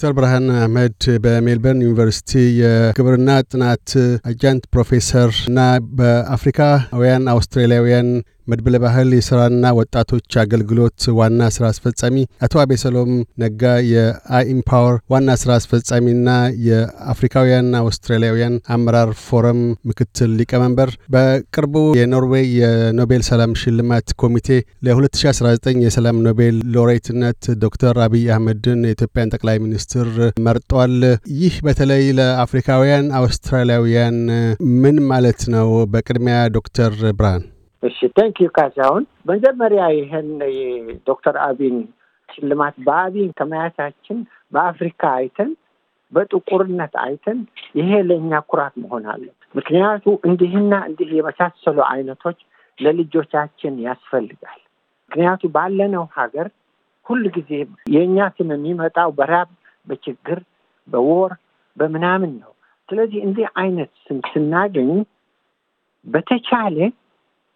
ዶክተር ብርሃን አህመድ በሜልበርን ዩኒቨርሲቲ የግብርና ጥናት አጃንት ፕሮፌሰር እና በአፍሪካውያን አውስትራሊያውያን መድብለ ባህል የሥራና ወጣቶች አገልግሎት ዋና ሥራ አስፈጻሚ፣ አቶ አቤሰሎም ነጋ የአኢምፓወር ዋና ሥራ አስፈጻሚና የአፍሪካውያንና አውስትራሊያውያን አመራር ፎረም ምክትል ሊቀመንበር፣ በቅርቡ የኖርዌይ የኖቤል ሰላም ሽልማት ኮሚቴ ለ2019 የሰላም ኖቤል ሎሬትነት ዶክተር አብይ አህመድን የኢትዮጵያን ጠቅላይ ሚኒስትር መርጧል። ይህ በተለይ ለአፍሪካውያን አውስትራሊያውያን ምን ማለት ነው? በቅድሚያ ዶክተር ብርሃን እሺ ታንክ ዩ ካሳሁን። መጀመሪያ ይህን የዶክተር አቢን ሽልማት በአቢን ከመያታችን በአፍሪካ አይተን በጥቁርነት አይተን ይሄ ለእኛ ኩራት መሆን አለ። ምክንያቱ እንዲህና እንዲህ የመሳሰሉ አይነቶች ለልጆቻችን ያስፈልጋል። ምክንያቱ ባለነው ሀገር ሁል ጊዜ የእኛ ስም የሚመጣው በራብ፣ በችግር፣ በወር በምናምን ነው። ስለዚህ እንዲህ አይነት ስም ስናገኝ በተቻለ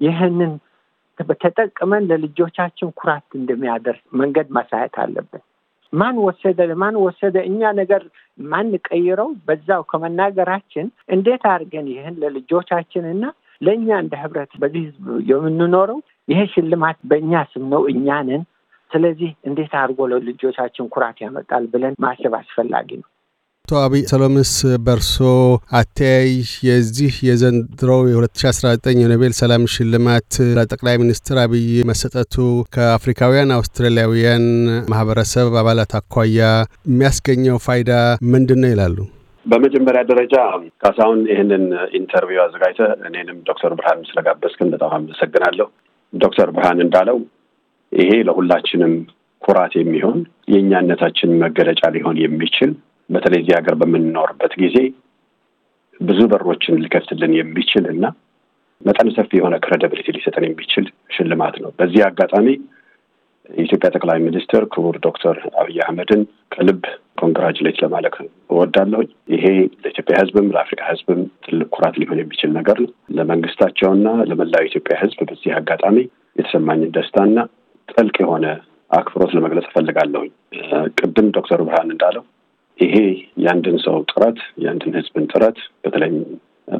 ይህንን ተጠቅመን ለልጆቻችን ኩራት እንደሚያደርስ መንገድ ማሳየት አለብን። ማን ወሰደ ለማን ወሰደ እኛ ነገር ማንቀይረው በዛው ከመናገራችን እንዴት አድርገን ይህን ለልጆቻችን እና ለእኛ እንደ ህብረት በዚህ ህዝብ የምንኖረው ይሄ ሽልማት በእኛ ስም ነው፣ እኛንን ስለዚህ እንዴት አድርጎ ለልጆቻችን ኩራት ያመጣል ብለን ማሰብ አስፈላጊ ነው። አቶ አብይ ሰሎምስ በርሶ አተያይ የዚህ የዘንድሮ የ2019 የኖቤል ሰላም ሽልማት ለጠቅላይ ሚኒስትር አብይ መሰጠቱ ከአፍሪካውያን አውስትራሊያውያን ማህበረሰብ አባላት አኳያ የሚያስገኘው ፋይዳ ምንድን ነው ይላሉ? በመጀመሪያ ደረጃ ካሳሁን ይህንን ኢንተርቪው አዘጋጅተ እኔንም ዶክተር ብርሃን ስለጋበዝክን በጣም አመሰግናለሁ። ዶክተር ብርሃን እንዳለው ይሄ ለሁላችንም ኩራት የሚሆን የእኛነታችን መገለጫ ሊሆን የሚችል በተለይ እዚህ ሀገር በምንኖርበት ጊዜ ብዙ በሮችን ሊከፍትልን የሚችል እና መጠን ሰፊ የሆነ ክሬዲብሊቲ ሊሰጠን የሚችል ሽልማት ነው። በዚህ አጋጣሚ የኢትዮጵያ ጠቅላይ ሚኒስትር ክቡር ዶክተር አብይ አህመድን ከልብ ኮንግራጅሌት ለማለት እወዳለሁ። ይሄ ለኢትዮጵያ ሕዝብም ለአፍሪካ ሕዝብም ትልቅ ኩራት ሊሆን የሚችል ነገር ነው። ለመንግስታቸውና ለመላው ኢትዮጵያ ሕዝብ በዚህ አጋጣሚ የተሰማኝን ደስታና ጥልቅ የሆነ አክብሮት ለመግለጽ እፈልጋለሁኝ። ቅድም ዶክተር ብርሃን እንዳለው ይሄ የአንድን ሰው ጥረት የአንድን ህዝብን ጥረት በተለይም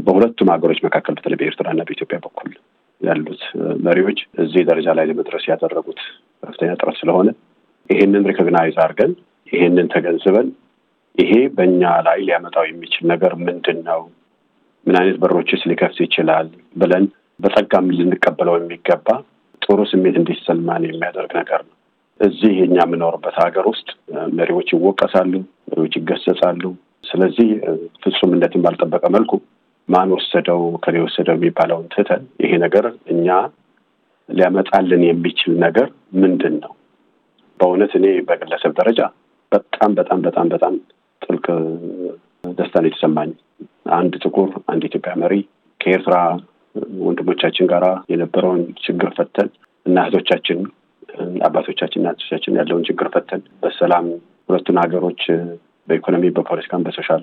በሁለቱም ሀገሮች መካከል በተለይ በኤርትራና በኢትዮጵያ በኩል ያሉት መሪዎች እዚህ ደረጃ ላይ ለመድረስ ያደረጉት ከፍተኛ ጥረት ስለሆነ ይሄንን ሪኮግናይዝ አድርገን ይሄንን ተገንዝበን ይሄ በእኛ ላይ ሊያመጣው የሚችል ነገር ምንድን ነው፣ ምን አይነት በሮችስ ሊከፍት ይችላል ብለን በጸጋም ልንቀበለው የሚገባ ጥሩ ስሜት እንዲሰማን የሚያደርግ ነገር ነው። እዚህ የኛ የምኖርበት ሀገር ውስጥ መሪዎች ይወቀሳሉ፣ መሪዎች ይገሰጻሉ። ስለዚህ ፍጹምነትን ባልጠበቀ መልኩ ማን ወሰደው ከኔ ወሰደው የሚባለውን ትተን ይሄ ነገር እኛ ሊያመጣልን የሚችል ነገር ምንድን ነው? በእውነት እኔ በግለሰብ ደረጃ በጣም በጣም በጣም በጣም ጥልቅ ደስታን የተሰማኝ አንድ ጥቁር አንድ ኢትዮጵያ መሪ ከኤርትራ ወንድሞቻችን ጋር የነበረውን ችግር ፈተን እና እህቶቻችን አባቶቻችን እናቶቻችን ያለውን ችግር ፈተን በሰላም ሁለቱን ሀገሮች በኢኮኖሚ በፖለቲካም በሶሻል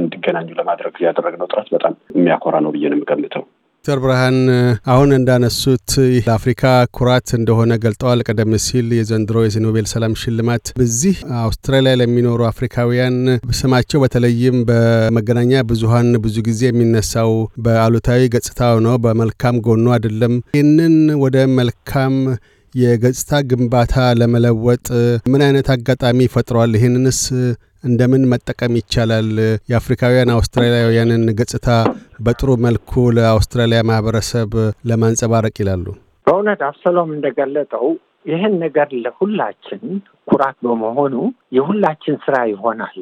እንዲገናኙ ለማድረግ ያደረግነው ጥረት በጣም የሚያኮራ ነው ብዬ ነው የምገምተው። ዶክተር ብርሃን አሁን እንዳነሱት ለአፍሪካ ኩራት እንደሆነ ገልጠዋል። ቀደም ሲል የዘንድሮ የኖቤል ሰላም ሽልማት በዚህ አውስትራሊያ ለሚኖሩ አፍሪካውያን ስማቸው በተለይም በመገናኛ ብዙኃን ብዙ ጊዜ የሚነሳው በአሉታዊ ገጽታው ነው፣ በመልካም ጎኑ አይደለም። ይህንን ወደ መልካም የገጽታ ግንባታ ለመለወጥ ምን አይነት አጋጣሚ ፈጥሯል? ይህንንስ እንደምን መጠቀም ይቻላል? የአፍሪካውያን አውስትራሊያውያንን ገጽታ በጥሩ መልኩ ለአውስትራሊያ ማህበረሰብ ለማንጸባረቅ ይላሉ። በእውነት አብሰሎም እንደገለጠው ይህን ነገር ለሁላችን ኩራት በመሆኑ የሁላችን ስራ ይሆናል።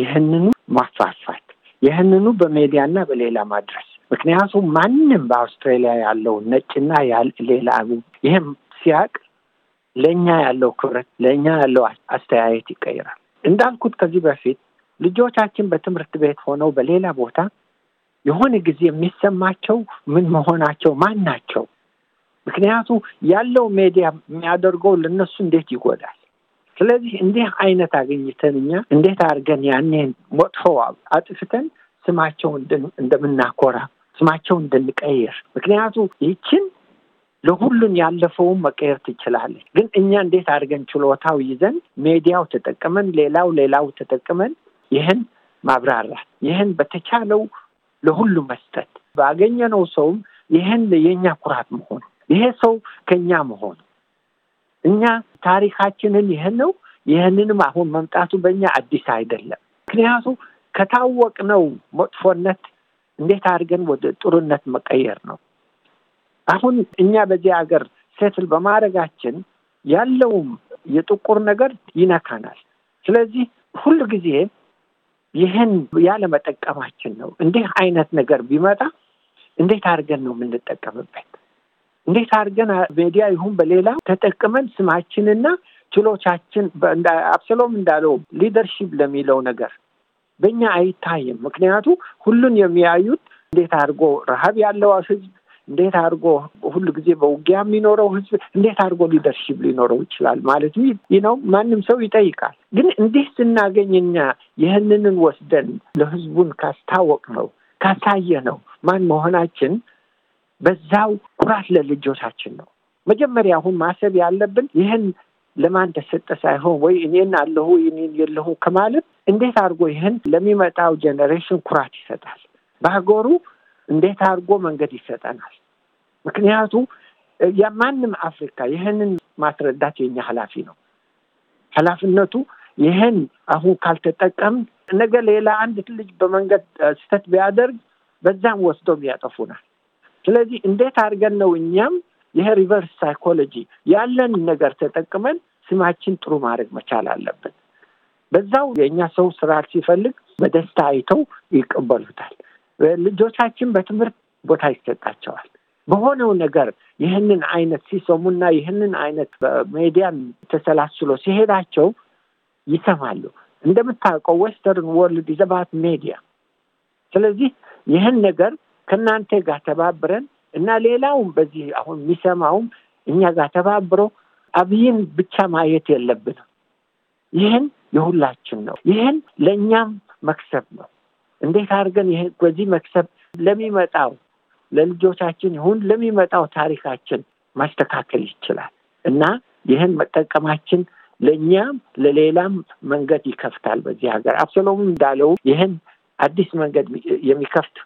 ይህንኑ ማስፋፋት፣ ይህንኑ በሜዲያና በሌላ ማድረስ ምክንያቱም ማንም በአውስትራሊያ ያለው ነጭና ሌላ ይህም ሲያቅ ለእኛ ያለው ክብረት ለእኛ ያለው አስተያየት ይቀይራል። እንዳልኩት ከዚህ በፊት ልጆቻችን በትምህርት ቤት ሆነው በሌላ ቦታ የሆነ ጊዜ የሚሰማቸው ምን መሆናቸው ማን ናቸው? ምክንያቱ ያለው ሜዲያ የሚያደርገው ለነሱ እንዴት ይጎዳል። ስለዚህ እንዲህ አይነት አገኝተን እኛ እንዴት አድርገን ያኔን መጥፎ አጥፍተን ስማቸው እንደምናኮራ ስማቸው እንድንቀይር ምክንያቱ ይችን ለሁሉን ያለፈውን መቀየር ትችላለች። ግን እኛ እንዴት አድርገን ችሎታው ይዘን ሜዲያው ተጠቅመን፣ ሌላው ሌላው ተጠቅመን ይህን ማብራራት ይህን በተቻለው ለሁሉ መስጠት ባገኘነው ሰውም ይህን የእኛ ኩራት መሆኑ ይሄ ሰው ከኛ መሆን እኛ ታሪካችንን ይህን ነው። ይህንንም አሁን መምጣቱ በእኛ አዲስ አይደለም። ምክንያቱ ከታወቅነው መጥፎነት እንዴት አድርገን ወደ ጥሩነት መቀየር ነው። አሁን እኛ በዚህ ሀገር ሴትል በማድረጋችን ያለውም የጥቁር ነገር ይነካናል። ስለዚህ ሁል ጊዜ ይህን ያለመጠቀማችን ነው። እንዲህ አይነት ነገር ቢመጣ እንዴት አድርገን ነው የምንጠቀምበት? እንዴት አድርገን ሜዲያ ይሁን በሌላ ተጠቅመን ስማችንና ችሎቻችን አብሰሎም እንዳለው ሊደርሺፕ ለሚለው ነገር በኛ አይታይም። ምክንያቱ ሁሉን የሚያዩት እንዴት አድርጎ ረሀብ ያለው ህዝብ እንዴት አድርጎ ሁሉ ጊዜ በውጊያ የሚኖረው ህዝብ እንዴት አድርጎ ሊደርሽፕ ሊኖረው ይችላል ማለት ነው። ማንም ሰው ይጠይቃል። ግን እንዴት ስናገኝ እኛ ይህንንን ወስደን ለህዝቡን ካስታወቅ ነው ካሳየ ነው ማን መሆናችን በዛው ኩራት ለልጆቻችን ነው። መጀመሪያ አሁን ማሰብ ያለብን ይህን ለማን ተሰጠ ሳይሆን ወይ እኔን አለሁ እኔን የለሁ ከማለት እንዴት አድርጎ ይህን ለሚመጣው ጀኔሬሽን ኩራት ይሰጣል በሀገሩ እንዴት አድርጎ መንገድ ይሰጠናል። ምክንያቱ የማንም አፍሪካ ይህንን ማስረዳት የኛ ኃላፊ ነው። ኃላፊነቱ ይህን አሁን ካልተጠቀም ነገ ሌላ አንድ ልጅ በመንገድ ስህተት ቢያደርግ በዛም ወስዶም ያጠፉናል። ስለዚህ እንዴት አድርገን ነው እኛም ይሄ ሪቨርስ ሳይኮሎጂ ያለን ነገር ተጠቅመን ስማችን ጥሩ ማድረግ መቻል አለብን። በዛው የእኛ ሰው ስራ ሲፈልግ በደስታ አይተው ይቀበሉታል። ልጆቻችን በትምህርት ቦታ ይሰጣቸዋል። በሆነው ነገር ይህንን አይነት ሲሰሙና ይህንን አይነት በሜዲያም ተሰላስሎ ሲሄዳቸው ይሰማሉ። እንደምታውቀው ዌስተርን ወርልድ ዘባት ሜዲያ። ስለዚህ ይህን ነገር ከእናንተ ጋር ተባብረን እና ሌላውም በዚህ አሁን የሚሰማውም እኛ ጋር ተባብሮ አብይን ብቻ ማየት የለብንም። ይህን የሁላችን ነው። ይህን ለእኛም መክሰብ ነው። እንዴት አድርገን ይህ በዚህ መክሰብ ለሚመጣው ለልጆቻችን ይሁን ለሚመጣው ታሪካችን ማስተካከል ይችላል እና ይህን መጠቀማችን ለእኛም ለሌላም መንገድ ይከፍታል። በዚህ ሀገር አብሰሎም እንዳለው ይህን አዲስ መንገድ የሚከፍት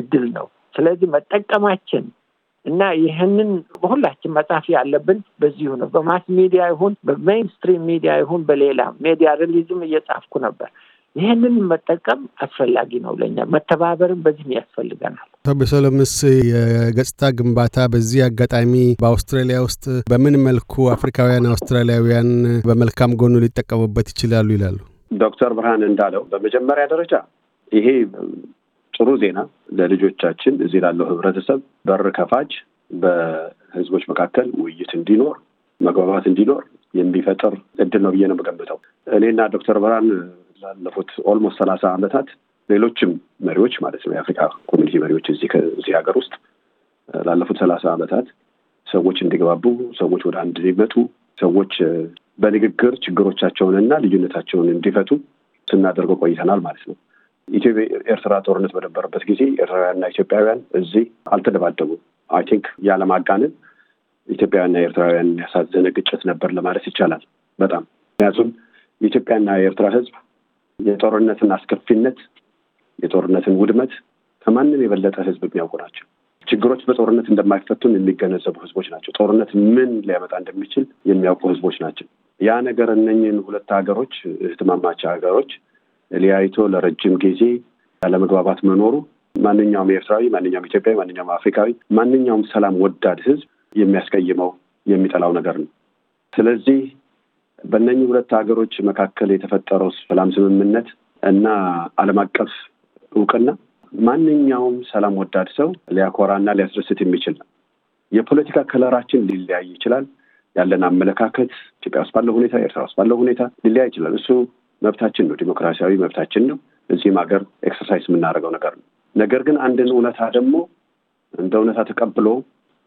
እድል ነው። ስለዚህ መጠቀማችን እና ይህንን በሁላችን መጻፍ ያለብን በዚሁ ነው። በማስ ሚዲያ ይሁን በሜይንስትሪም ሚዲያ ይሁን በሌላ ሜዲያ ሪሊዝም እየጻፍኩ ነበር ይህንን መጠቀም አስፈላጊ ነው ለኛ። መተባበርም በዚህም ያስፈልገናል። አቶ የገጽታ ግንባታ በዚህ አጋጣሚ በአውስትራሊያ ውስጥ በምን መልኩ አፍሪካውያን አውስትራሊያውያን በመልካም ጎኑ ሊጠቀሙበት ይችላሉ ይላሉ? ዶክተር ብርሃን እንዳለው በመጀመሪያ ደረጃ ይሄ ጥሩ ዜና ለልጆቻችን እዚህ ላለው ህብረተሰብ በር ከፋች በህዝቦች መካከል ውይይት እንዲኖር መግባባት እንዲኖር የሚፈጥር እድል ነው ብዬ ነው የምገምተው። እኔና ዶክተር ብርሃን ላለፉት ኦልሞስት ሰላሳ ዓመታት ሌሎችም መሪዎች ማለት ነው የአፍሪካ ኮሚኒቲ መሪዎች እዚህ ሀገር ውስጥ ላለፉት ሰላሳ ዓመታት ሰዎች እንዲግባቡ፣ ሰዎች ወደ አንድ እንዲመጡ፣ ሰዎች በንግግር ችግሮቻቸውንና ልዩነታቸውን እንዲፈቱ ስናደርገው ቆይተናል ማለት ነው። ኢትዮጵያ ኤርትራ ጦርነት በነበረበት ጊዜ ኤርትራውያንና ኢትዮጵያውያን እዚህ አልተደባደቡም። አይ ቲንክ ያለማጋነን ኢትዮጵያውያንና ኤርትራውያን ያሳዘነ ግጭት ነበር ለማለት ይቻላል በጣም ምክንያቱም የኢትዮጵያና የኤርትራ ህዝብ የጦርነትን አስከፊነት፣ የጦርነትን ውድመት ከማንም የበለጠ ህዝብ የሚያውቁ ናቸው። ችግሮች በጦርነት እንደማይፈቱም የሚገነዘቡ ህዝቦች ናቸው። ጦርነት ምን ሊያመጣ እንደሚችል የሚያውቁ ህዝቦች ናቸው። ያ ነገር እነኝን ሁለት ሀገሮች እህትማማቸ ሀገሮች ሊያይቶ ለረጅም ጊዜ ያለመግባባት መኖሩ ማንኛውም ኤርትራዊ፣ ማንኛውም ኢትዮጵያዊ፣ ማንኛውም አፍሪካዊ፣ ማንኛውም ሰላም ወዳድ ህዝብ የሚያስቀይመው የሚጠላው ነገር ነው። ስለዚህ በእነኚህ ሁለት ሀገሮች መካከል የተፈጠረው ሰላም ስምምነት እና ዓለም አቀፍ እውቅና ማንኛውም ሰላም ወዳድ ሰው ሊያኮራና ሊያስደስት የሚችል ነው። የፖለቲካ ከለራችን ሊለያይ ይችላል። ያለን አመለካከት ኢትዮጵያ ውስጥ ባለው ሁኔታ፣ ኤርትራ ውስጥ ባለው ሁኔታ ሊለያይ ይችላል። እሱ መብታችን ነው፣ ዲሞክራሲያዊ መብታችን ነው። እዚህም ሀገር ኤክሰርሳይዝ የምናደርገው ነገር ነው። ነገር ግን አንድን እውነታ ደግሞ እንደ እውነታ ተቀብሎ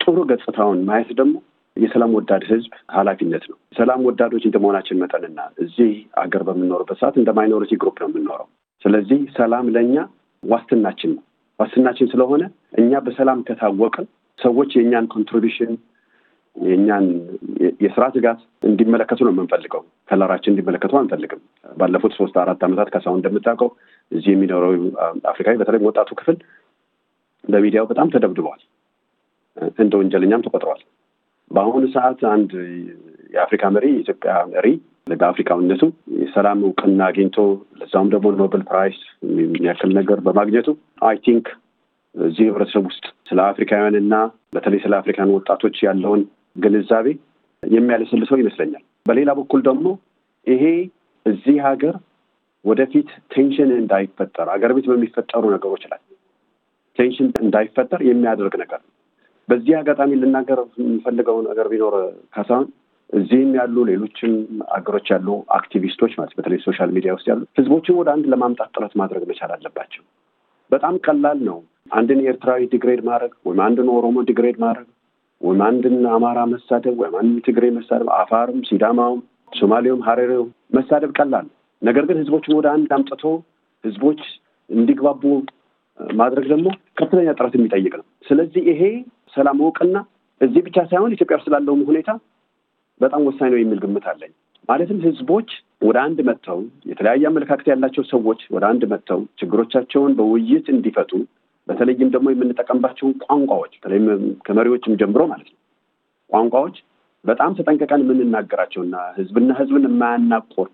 ጥሩ ገጽታውን ማየት ደግሞ የሰላም ወዳድ ህዝብ ኃላፊነት ነው። ሰላም ወዳዶች እንደመሆናችን መጠንና እዚህ አገር በምንኖርበት ሰዓት እንደ ማይኖሪቲ ግሩፕ ነው የምንኖረው። ስለዚህ ሰላም ለእኛ ዋስትናችን ነው። ዋስትናችን ስለሆነ እኛ በሰላም ከታወቅን ሰዎች የእኛን ኮንትሪቢሽን የእኛን የስራ ትጋት እንዲመለከቱ ነው የምንፈልገው። ከለራችን እንዲመለከቱ አንፈልግም። ባለፉት ሶስት አራት ዓመታት ከሳሁን እንደምታውቀው እዚህ የሚኖረው አፍሪካዊ በተለይ ወጣቱ ክፍል በሚዲያው በጣም ተደብድበዋል። እንደ ወንጀለኛም ተቆጥረዋል። በአሁኑ ሰዓት አንድ የአፍሪካ መሪ የኢትዮጵያ መሪ በአፍሪካዊነቱ የሰላም እውቅና አግኝቶ ለዛውም ደግሞ ኖበል ፕራይስ የሚያክል ነገር በማግኘቱ አይ ቲንክ እዚህ ህብረተሰብ ውስጥ ስለ አፍሪካውያን እና በተለይ ስለ አፍሪካን ወጣቶች ያለውን ግንዛቤ የሚያለስልሰው ይመስለኛል። በሌላ በኩል ደግሞ ይሄ እዚህ ሀገር ወደፊት ቴንሽን እንዳይፈጠር ሀገር ቤት በሚፈጠሩ ነገሮች ላይ ቴንሽን እንዳይፈጠር የሚያደርግ ነገር ነው። በዚህ አጋጣሚ ልናገር የምፈልገው ነገር ቢኖር ካሳሁን እዚህም ያሉ ሌሎችም አገሮች ያሉ አክቲቪስቶች ማለት በተለይ ሶሻል ሚዲያ ውስጥ ያሉ ህዝቦችን ወደ አንድ ለማምጣት ጥረት ማድረግ መቻል አለባቸው። በጣም ቀላል ነው። አንድን ኤርትራዊ ዲግሬድ ማድረግ ወይም አንድን ኦሮሞ ዲግሬድ ማድረግ ወይም አንድን አማራ መሳደብ ወይም አንድን ትግሬ መሳደብ፣ አፋርም፣ ሲዳማውም፣ ሶማሌውም፣ ሀረሬው መሳደብ ቀላል። ነገር ግን ህዝቦችን ወደ አንድ አምጥቶ ህዝቦች እንዲግባቡ ማድረግ ደግሞ ከፍተኛ ጥረት የሚጠይቅ ነው። ስለዚህ ይሄ ሰላም እውቅና እዚህ ብቻ ሳይሆን ኢትዮጵያ ውስጥ ላለውም ሁኔታ በጣም ወሳኝ ነው የሚል ግምት አለኝ። ማለትም ህዝቦች ወደ አንድ መጥተው የተለያየ አመለካከት ያላቸው ሰዎች ወደ አንድ መጥተው ችግሮቻቸውን በውይይት እንዲፈቱ በተለይም ደግሞ የምንጠቀምባቸውን ቋንቋዎች በተለይም ከመሪዎችም ጀምሮ ማለት ነው ቋንቋዎች በጣም ተጠንቀቀን የምንናገራቸውና ህዝብና ህዝብን የማያናቆር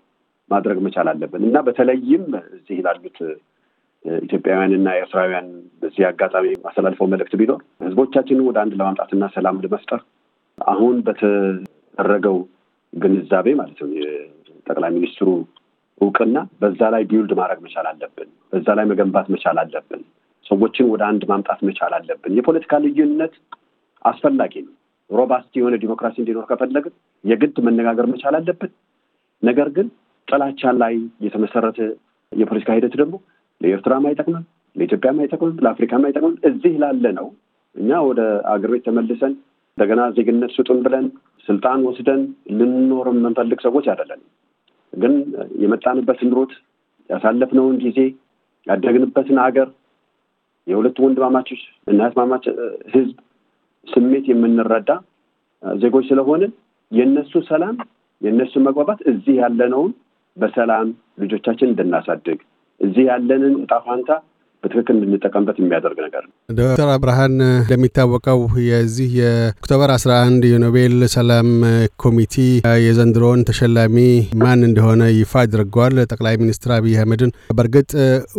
ማድረግ መቻል አለብን እና በተለይም እዚህ ላሉት ኢትዮጵያውያንና ኤርትራውያን በዚህ አጋጣሚ ማስተላልፈው መልእክት ቢኖር ህዝቦቻችንን ወደ አንድ ለማምጣትና ሰላም ለመፍጠር አሁን በተደረገው ግንዛቤ ማለት ነው የጠቅላይ ሚኒስትሩ እውቅና በዛ ላይ ቢውልድ ማድረግ መቻል አለብን። በዛ ላይ መገንባት መቻል አለብን። ሰዎችን ወደ አንድ ማምጣት መቻል አለብን። የፖለቲካ ልዩነት አስፈላጊ ነው። ሮባስት የሆነ ዲሞክራሲ እንዲኖር ከፈለግን የግድ መነጋገር መቻል አለብን። ነገር ግን ጥላቻ ላይ የተመሰረተ የፖለቲካ ሂደት ደግሞ ለኤርትራም አይጠቅምም፣ ለኢትዮጵያም አይጠቅምም፣ ለአፍሪካም አይጠቅምም። እዚህ ላለ ነው እኛ ወደ አገር ቤት ተመልሰን እንደገና ዜግነት ስጡን ብለን ስልጣን ወስደን ልንኖር የምንፈልግ ሰዎች አይደለንም። ግን የመጣንበትን ኑሮት ያሳለፍነውን ጊዜ ያደግንበትን አገር የሁለቱ ወንድማማቾች እና እህትማማች ህዝብ ስሜት የምንረዳ ዜጎች ስለሆነ የእነሱ ሰላም የእነሱ መግባባት እዚህ ያለነውን በሰላም ልጆቻችን እንድናሳድግ እዚህ ያለንን እጣ ፋንታ በትክክል እንድንጠቀምበት የሚያደርግ ነገር ነው። ዶክተር አብርሃን እንደሚታወቀው የዚህ የኦክቶበር 11 የኖቤል ሰላም ኮሚቴ የዘንድሮን ተሸላሚ ማን እንደሆነ ይፋ አድርጓል። ጠቅላይ ሚኒስትር አብይ አህመድን በእርግጥ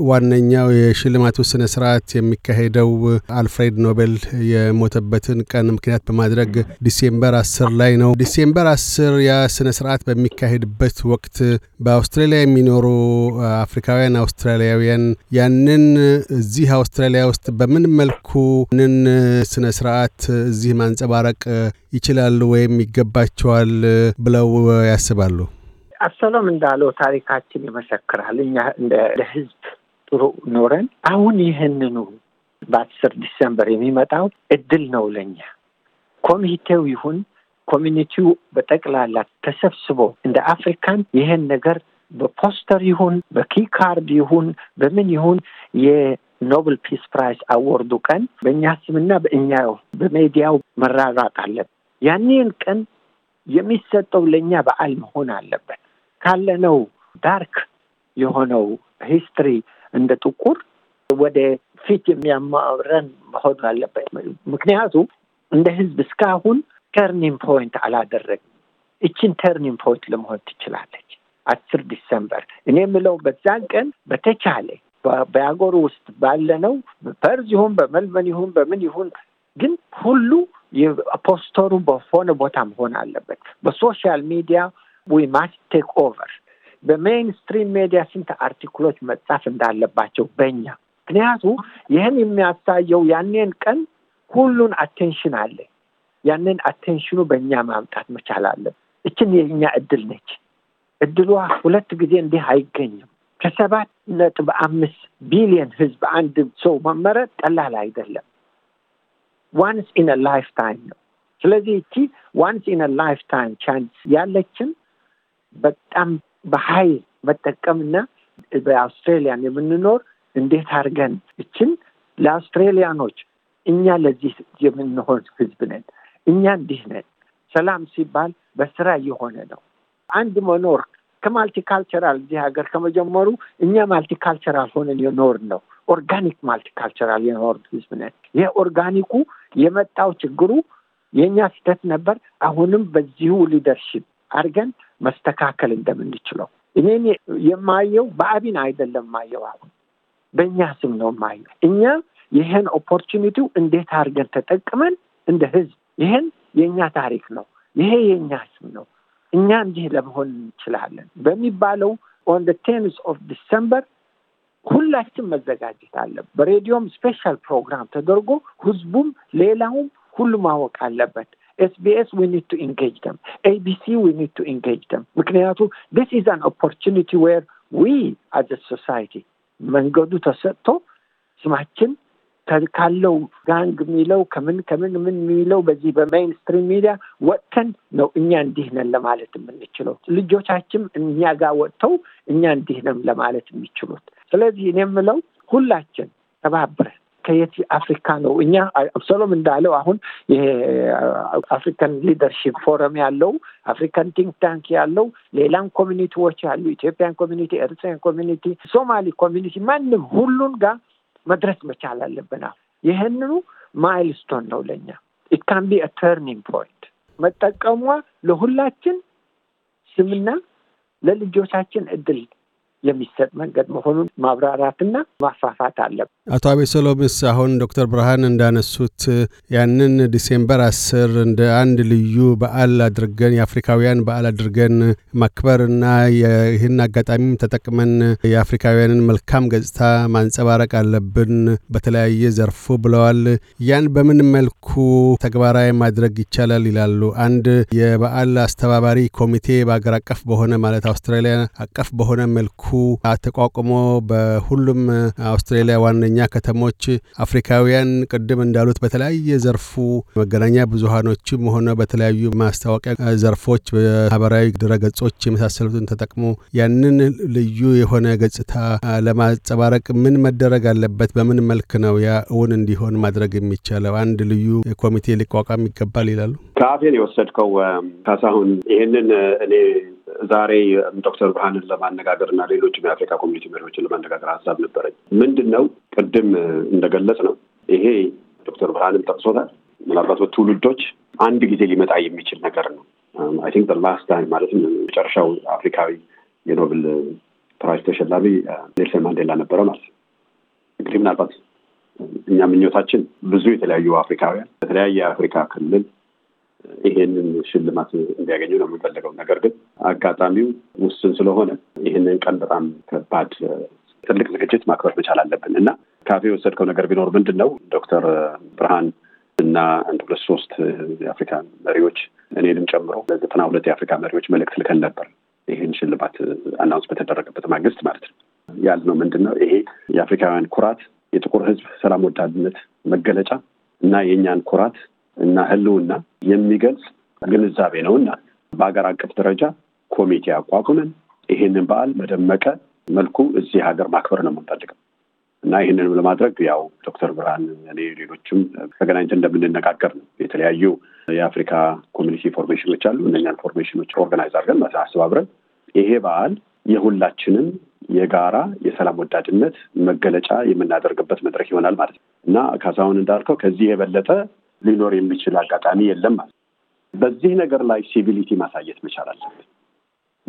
ዋነኛው የሽልማቱ ስነ ስርዓት የሚካሄደው አልፍሬድ ኖቤል የሞተበትን ቀን ምክንያት በማድረግ ዲሴምበር 10 ላይ ነው። ዲሴምበር አስር ያ ስነ ስርዓት በሚካሄድበት ወቅት በአውስትራሊያ የሚኖሩ አፍሪካውያን አውስትራሊያውያን ያንን እዚህ አውስትራሊያ ውስጥ በምን መልኩ ንን ስነ ስርዓት እዚህ ማንጸባረቅ ይችላሉ ወይም ይገባቸዋል ብለው ያስባሉ? አብሰሎም እንዳለው ታሪካችን ይመሰክራል። እኛ እንደ ህዝብ ጥሩ ኖረን አሁን ይህንኑ በአስር ዲሰምበር የሚመጣው እድል ነው ለኛ። ኮሚቴው ይሁን ኮሚኒቲው በጠቅላላ ተሰብስቦ እንደ አፍሪካን ይህን ነገር በፖስተር ይሁን በኪካርድ ይሁን በምን ይሁን የኖብል ፒስ ፕራይስ አወርዱ ቀን በእኛ ስምና በእኛው በሜዲያው መራራቅ አለብን። ያንን ቀን የሚሰጠው ለእኛ በዓል መሆን አለበት። ካለነው ዳርክ የሆነው ሂስትሪ እንደ ጥቁር ወደ ፊት የሚያማረን መሆን አለበት። ምክንያቱም እንደ ህዝብ እስካሁን ተርኒንግ ፖይንት አላደረግም። ይችን ተርኒንግ ፖይንት ለመሆን ትችላለች። አስር ዲሰምበር እኔ የምለው በዛን ቀን በተቻለ በአገሩ ውስጥ ባለነው በፐርዝ ይሁን በመልበን ይሁን በምን ይሁን ግን ሁሉ ፖስተሩ በሆነ ቦታ መሆን አለበት። በሶሻል ሚዲያ ዊ ማስ ቴክ ኦቨር። በሜይንስትሪም ሚዲያ ስንት አርቲክሎች መጻፍ እንዳለባቸው በእኛ ምክንያቱ ይህን የሚያሳየው ያኔን ቀን ሁሉን አቴንሽን አለ። ያንን አቴንሽኑ በእኛ ማምጣት መቻል አለብን። እችን የእኛ እድል ነች። እድሏ ሁለት ጊዜ እንዲህ አይገኝም። ከሰባት ነጥብ አምስት ቢሊየን ህዝብ አንድ ሰው መመረጥ ቀላል አይደለም። ዋንስ ኢን ላይፍ ታይም ነው። ስለዚህ እቺ ዋንስ ኢን ላይፍ ታይም ቻንስ ያለችን በጣም በሀይል መጠቀምና በአውስትሬሊያን የምንኖር እንዴት አድርገን እችን ለአውስትሬሊያኖች እኛ ለዚህ የምንሆን ህዝብ ነን። እኛ እንዲህ ነን። ሰላም ሲባል በስራ እየሆነ ነው። አንድ መኖር ከማልቲካልቸራል እዚህ ሀገር ከመጀመሩ እኛ ማልቲካልቸራል ሆነን የኖር ነው። ኦርጋኒክ ማልቲካልቸራል የኖር ህዝብ ነን። ይህ ኦርጋኒኩ የመጣው ችግሩ የእኛ ስህተት ነበር። አሁንም በዚሁ ሊደርሽፕ አድርገን መስተካከል እንደምንችለው እኔን የማየው በአቢን አይደለም ማየው አሁን በእኛ ስም ነው ማየው። እኛ ይህን ኦፖርቹኒቲው እንዴት አድርገን ተጠቅመን እንደ ህዝብ ይህን የእኛ ታሪክ ነው። ይሄ የእኛ ስም ነው። እኛ እንዲህ ለመሆን እንችላለን በሚባለው ኦን ቴንስ ኦፍ ዲሰምበር ሁላችን መዘጋጀት አለ። በሬዲዮም ስፔሻል ፕሮግራም ተደርጎ ህዝቡም ሌላውም ሁሉ ማወቅ አለበት። ኤስቢኤስ ዊ ኒድ ቱ ኢንጌጅ ደም፣ ኤቢሲ ዊ ኒድ ቱ ኢንጌጅ ደም። ምክንያቱ ዲስ ኢዝ አን ኦፖርቹኒቲ ዌር ዊ አዘ ሶሳይቲ መንገዱ ተሰጥቶ ስማችን ካለው ጋንግ የሚለው ከምን ከምን ምን የሚለው በዚህ በሜይንስትሪም ሚዲያ ወጥተን ነው እኛ እንዲህ ነን ለማለት የምንችለው። ልጆቻችን እኛ ጋር ወጥተው እኛ እንዲህ ነን ለማለት የሚችሉት። ስለዚህ እኔ የምለው ሁላችን ተባብረን ከየት አፍሪካ ነው እኛ አብሰሎም እንዳለው አሁን ይሄ አፍሪካን ሊደርሺፕ ፎረም ያለው አፍሪካን ቲንክ ታንክ ያለው ሌላም ኮሚኒቲዎች ያሉ ኢትዮጵያን ኮሚኒቲ፣ ኤርትራን ኮሚኒቲ፣ ሶማሊ ኮሚኒቲ ማንም ሁሉን ጋር መድረስ መቻል አለብና ይህንኑ ማይልስቶን ነው ለኛ ኢት ካን ቢ ተርኒንግ ፖይንት። መጠቀሟ ለሁላችን ስምና ለልጆቻችን እድል የሚሰጥ መንገድ መሆኑን ማብራራትና ማስፋፋት አለ። አቶ አቤሰሎምስ አሁን ዶክተር ብርሃን እንዳነሱት ያንን ዲሴምበር አስር እንደ አንድ ልዩ በዓል አድርገን የአፍሪካውያን በዓል አድርገን ማክበርና ይህን አጋጣሚም ተጠቅመን የአፍሪካውያንን መልካም ገጽታ ማንጸባረቅ አለብን በተለያየ ዘርፉ ብለዋል። ያን በምን መልኩ ተግባራዊ ማድረግ ይቻላል ይላሉ። አንድ የበዓል አስተባባሪ ኮሚቴ በአገር አቀፍ በሆነ ማለት አውስትራሊያ አቀፍ በሆነ መልኩ ተቋቁሞ በሁሉም አውስትራሊያ ዋነኛ ከተሞች አፍሪካውያን ቅድም እንዳሉት በተለያየ ዘርፉ መገናኛ ብዙሀኖችም ሆነ በተለያዩ ማስታወቂያ ዘርፎች በማህበራዊ ድረገጾች የመሳሰሉትን ተጠቅሞ ያንን ልዩ የሆነ ገጽታ ለማንጸባረቅ ምን መደረግ አለበት? በምን መልክ ነው ያ እውን እንዲሆን ማድረግ የሚቻለው? አንድ ልዩ ኮሚቴ ሊቋቋም ይገባል ይላሉ። ከአፌን የወሰድከው ካሳሁን ይህንን እኔ ዛሬ ዶክተር ብርሃንን ለማነጋገር እና ሌሎችም የአፍሪካ ኮሚኒቲ መሪዎችን ለማነጋገር ሀሳብ ነበረኝ። ምንድን ነው ቅድም እንደገለጽ ነው ይሄ ዶክተር ብርሃንም ጠቅሶታል። ምናልባት በትውልዶች አንድ ጊዜ ሊመጣ የሚችል ነገር ነው። አይ ቲንክ ላስት ታይም ማለትም መጨረሻው አፍሪካዊ የኖብል ፕራይስ ተሸላሚ uh, ኔልሰን ማንዴላ ነበረ ማለት ነው። እንግዲህ ምናልባት እኛ ምኞታችን ብዙ የተለያዩ አፍሪካውያን በተለያየ የአፍሪካ ክልል ይሄንን ሽልማት እንዲያገኙ ነው የምንፈልገው። ነገር ግን አጋጣሚው ውስን ስለሆነ ይህንን ቀን በጣም ከባድ ትልቅ ዝግጅት ማክበር መቻል አለብን እና ካፌ የወሰድከው ነገር ቢኖር ምንድን ነው ዶክተር ብርሃን እና አንድ ሁለት ሶስት የአፍሪካ መሪዎች እኔንም ጨምሮ ለዘጠና ሁለት የአፍሪካ መሪዎች መልእክት ልከን ነበር። ይህን ሽልማት አናውንስ በተደረገበት ማግስት ማለት ነው ያልነው ምንድን ነው ይሄ የአፍሪካውያን ኩራት፣ የጥቁር ሕዝብ ሰላም ወዳድነት መገለጫ እና የእኛን ኩራት እና ህልውና የሚገልጽ ግንዛቤ ነው እና በሀገር አቀፍ ደረጃ ኮሚቴ አቋቁመን ይህንን በዓል በደመቀ መልኩ እዚህ ሀገር ማክበር ነው የምንፈልገው እና ይህንንም ለማድረግ ያው ዶክተር ብርሃን እኔ ሌሎችም ተገናኝተን እንደምንነጋገር ነው። የተለያዩ የአፍሪካ ኮሚኒቲ ኢንፎርሜሽኖች አሉ። እነኛን ኢንፎርሜሽኖች ኦርጋናይዝ አድርገን አስተባብረን ይሄ በዓል የሁላችንም የጋራ የሰላም ወዳድነት መገለጫ የምናደርግበት መድረክ ይሆናል ማለት ነው እና ካሳሁን እንዳልከው ከዚህ የበለጠ ሊኖር የሚችል አጋጣሚ የለም ማለት በዚህ ነገር ላይ ሲቪሊቲ ማሳየት መቻል አለብን።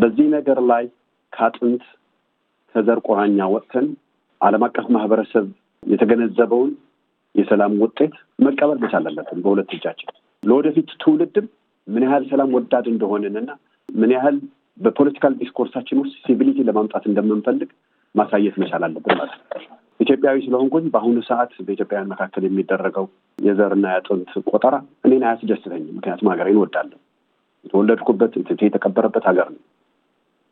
በዚህ ነገር ላይ ከአጥንት ከዘር ቆራኛ ወጥተን ዓለም አቀፍ ማህበረሰብ የተገነዘበውን የሰላም ውጤት መቀበል መቻል አለብን በሁለት እጃችን ለወደፊት ትውልድም ምን ያህል ሰላም ወዳድ እንደሆንንና ምን ያህል በፖለቲካል ዲስኮርሳችን ውስጥ ሲቪሊቲ ለማምጣት እንደምንፈልግ ማሳየት መቻል አለብን ማለት ነው። ኢትዮጵያዊ ስለሆንኩኝ በአሁኑ ሰዓት በኢትዮጵያውያን መካከል የሚደረገው የዘርና የአጥንት ቆጠራ እኔን አያስደስተኝም። ምክንያቱም ሀገሬን እወዳለሁ። የተወለድኩበት የተቀበረበት ሀገር ነው።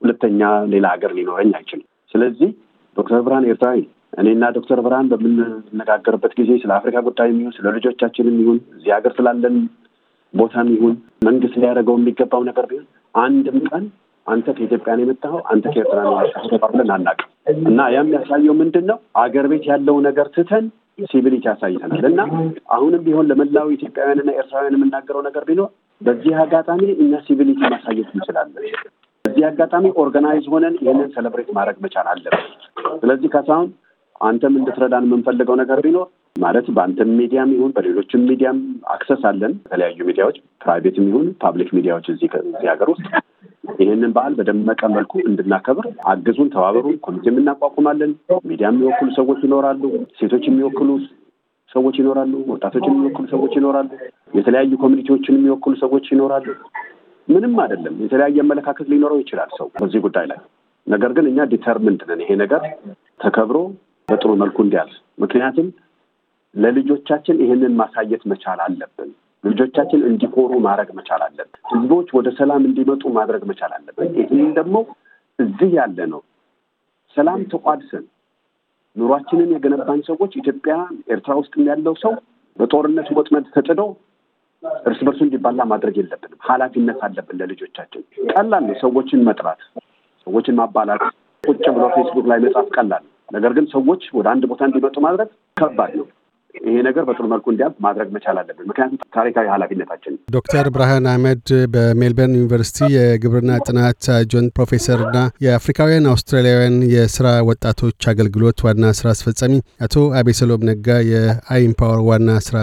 ሁለተኛ ሌላ ሀገር ሊኖረኝ አይችልም። ስለዚህ ዶክተር ብርሃን ኤርትራዊ እኔና ዶክተር ብርሃን በምንነጋገርበት ጊዜ ስለ አፍሪካ ጉዳይ የሚሆን ስለ ልጆቻችንም ይሁን እዚህ ሀገር ስላለን ቦታም ይሁን መንግስት ሊያደርገው የሚገባው ነገር ቢሆን አንድም ቀን አንተ ከኢትዮጵያ ነው የመጣኸው አንተ ከኤርትራ ነው ተባብለን አናውቅም። እና ያ የሚያሳየው ምንድን ነው? አገር ቤት ያለው ነገር ትተን ሲቪሊቲ ያሳይተናል። እና አሁንም ቢሆን ለመላው ኢትዮጵያውያንና ኤርትራውያን የምናገረው ነገር ቢኖር በዚህ አጋጣሚ እኛ ሲቪሊቲ ማሳየት እንችላለን። በዚህ አጋጣሚ ኦርጋናይዝ ሆነን ይህንን ሴሌብሬት ማድረግ መቻል አለብን። ስለዚህ ከሳሁን አንተም እንድትረዳን የምንፈልገው ነገር ቢኖር ማለት በአንተም ሚዲያም ይሁን በሌሎችም ሚዲያም አክሰስ አለን። የተለያዩ ሚዲያዎች ፕራይቬትም ይሁን ፓብሊክ ሚዲያዎች እዚህ ሀገር ውስጥ ይህንን በዓል በደመቀ መልኩ እንድናከብር አግዙን፣ ተባበሩ። ኮሚቴም እናቋቁማለን። ሚዲያ የሚወክሉ ሰዎች ይኖራሉ። ሴቶች የሚወክሉ ሰዎች ይኖራሉ። ወጣቶች የሚወክሉ ሰዎች ይኖራሉ። የተለያዩ ኮሚኒቲዎችን የሚወክሉ ሰዎች ይኖራሉ። ምንም አይደለም። የተለያየ አመለካከት ሊኖረው ይችላል ሰው በዚህ ጉዳይ ላይ ነገር ግን እኛ ዲተርምንድ ነን ይሄ ነገር ተከብሮ በጥሩ መልኩ እንዲያልፍ ምክንያቱም ለልጆቻችን ይህንን ማሳየት መቻል አለብን። ልጆቻችን እንዲኮሩ ማድረግ መቻል አለብን። ህዝቦች ወደ ሰላም እንዲመጡ ማድረግ መቻል አለብን። ይህንን ደግሞ እዚህ ያለ ነው ሰላም ተቋድሰን ኑሯችንን የገነባን ሰዎች ኢትዮጵያ፣ ኤርትራ ውስጥ ያለው ሰው በጦርነት ወጥመድ ተጥዶ እርስ በርሱ እንዲባላ ማድረግ የለብንም። ኃላፊነት አለብን ለልጆቻችን። ቀላል ነው ሰዎችን መጥራት፣ ሰዎችን ማባላት፣ ቁጭ ብሎ ፌስቡክ ላይ መጻፍ ቀላል ነው። ነገር ግን ሰዎች ወደ አንድ ቦታ እንዲመጡ ማድረግ ከባድ ነው። ይሄ ነገር በጥሩ መልኩ እንዲያልፍ ማድረግ መቻል አለብን። ምክንያቱም ታሪካዊ ኃላፊነታችን። ዶክተር ብርሃን አህመድ በሜልበርን ዩኒቨርሲቲ የግብርና ጥናት ጆን እና የአፍሪካውያን አውስትራሊያውያን የስራ ወጣቶች አገልግሎት ዋና ስራ አስፈጻሚ፣ አቶ አቤሰሎም ነጋ የአይምፓወር ዋና ስራ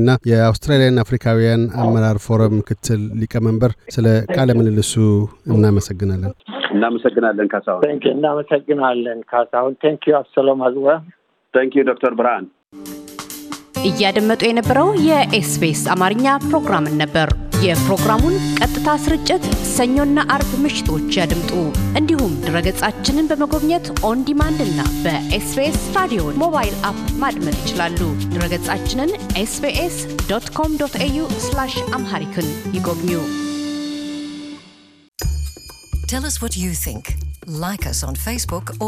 እና የአውስትራሊያን አፍሪካውያን አመራር ፎረም ምክትል ሊቀመንበር፣ ስለ ቃለ ምልልሱ እናመሰግናለን። እናመሰግናለን ካሳሁን። እናመሰግናለን ካሳሁን። ቴንክ ዩ አብሰሎም አዝዋ ቴንክ ዩ ዶክተር ብርሃን እያደመጡ የነበረው የኤስቢኤስ አማርኛ ፕሮግራምን ነበር። የፕሮግራሙን ቀጥታ ስርጭት ሰኞና አርብ ምሽቶች ያድምጡ። እንዲሁም ድረገጻችንን በመጎብኘት ኦን ዲማንድ እና በኤስቢኤስ ራዲዮ ሞባይል አፕ ማድመጥ ይችላሉ። ድረገጻችንን ኤስቢኤስ ዶት ኮም ዶት ኤዩ አምሃሪክን ይጎብኙ። Tell us what you think. Like us ኦን Facebook